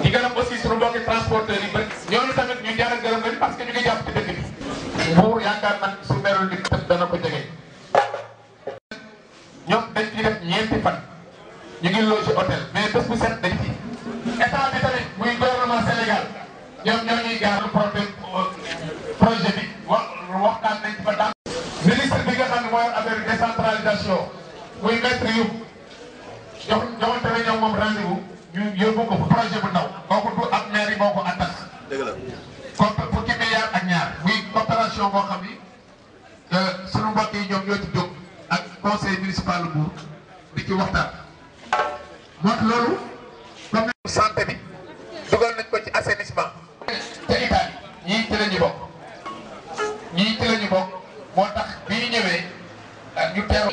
di gërëm aussi suñu mbokki transporteur yi ba ñooñu tamit ñu ñaanal gërëm lañu parce que ñu ngi jàpp ci dëkk bi. buur yaakaar su merul di tam dana jege. ñoom dañ ciy def fan ñu ngi loger hôtel mais bés bu euh, ba daan. ministre bi nga xam ne mooy affaire muy maître yu jox joxante na ñoom moom rendez ñu yóbbu ko projet bu ndaw kooku du ab maire yi moo ko attas. dëgg la comme fukki milliard ak ñaar muy coopération boo xam ni euh, sunu mbokk yi ñoom ñoo ci jóg ak conseil municipal bu di ci waxtaan. moo loolu comme ni santé bi dugal nañ ko ci assainissement. te Italie ñii ci la ñu bokk ñii moo tax bi ñu ñëwee euh, ñu teew.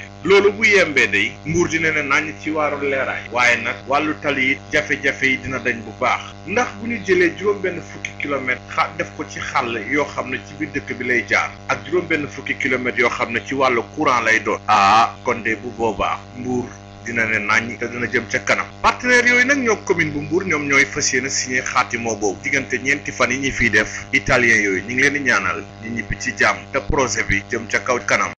loolu bu yembee day nguur dina ne nañ ci waaru leeraay waaye nag wàllu tali yi jafe-jafe yi dina dañ bu baax ndax bu ñu jëlee juróom-benn fukki kilomètre xa def ko ci xàll yoo xam ne ci biir dëkk bi lay jaar ak juróom-benn fukki kilomètres yoo xam ne ci wàllu courant lay doon ah kon de bu boobaa mbuur dina ne nañ te dina jëm ca kanam partenaires yooyu nag ñoo commune bu mbuur ñoom ñooy fas yéene signé xaatimoo boobu diggante ñeenti fan yi ñuy fiy def italien yooyu ñu ngi leen di ñaanal ñu ci jàmm te projet bi jëm ca kaw kanam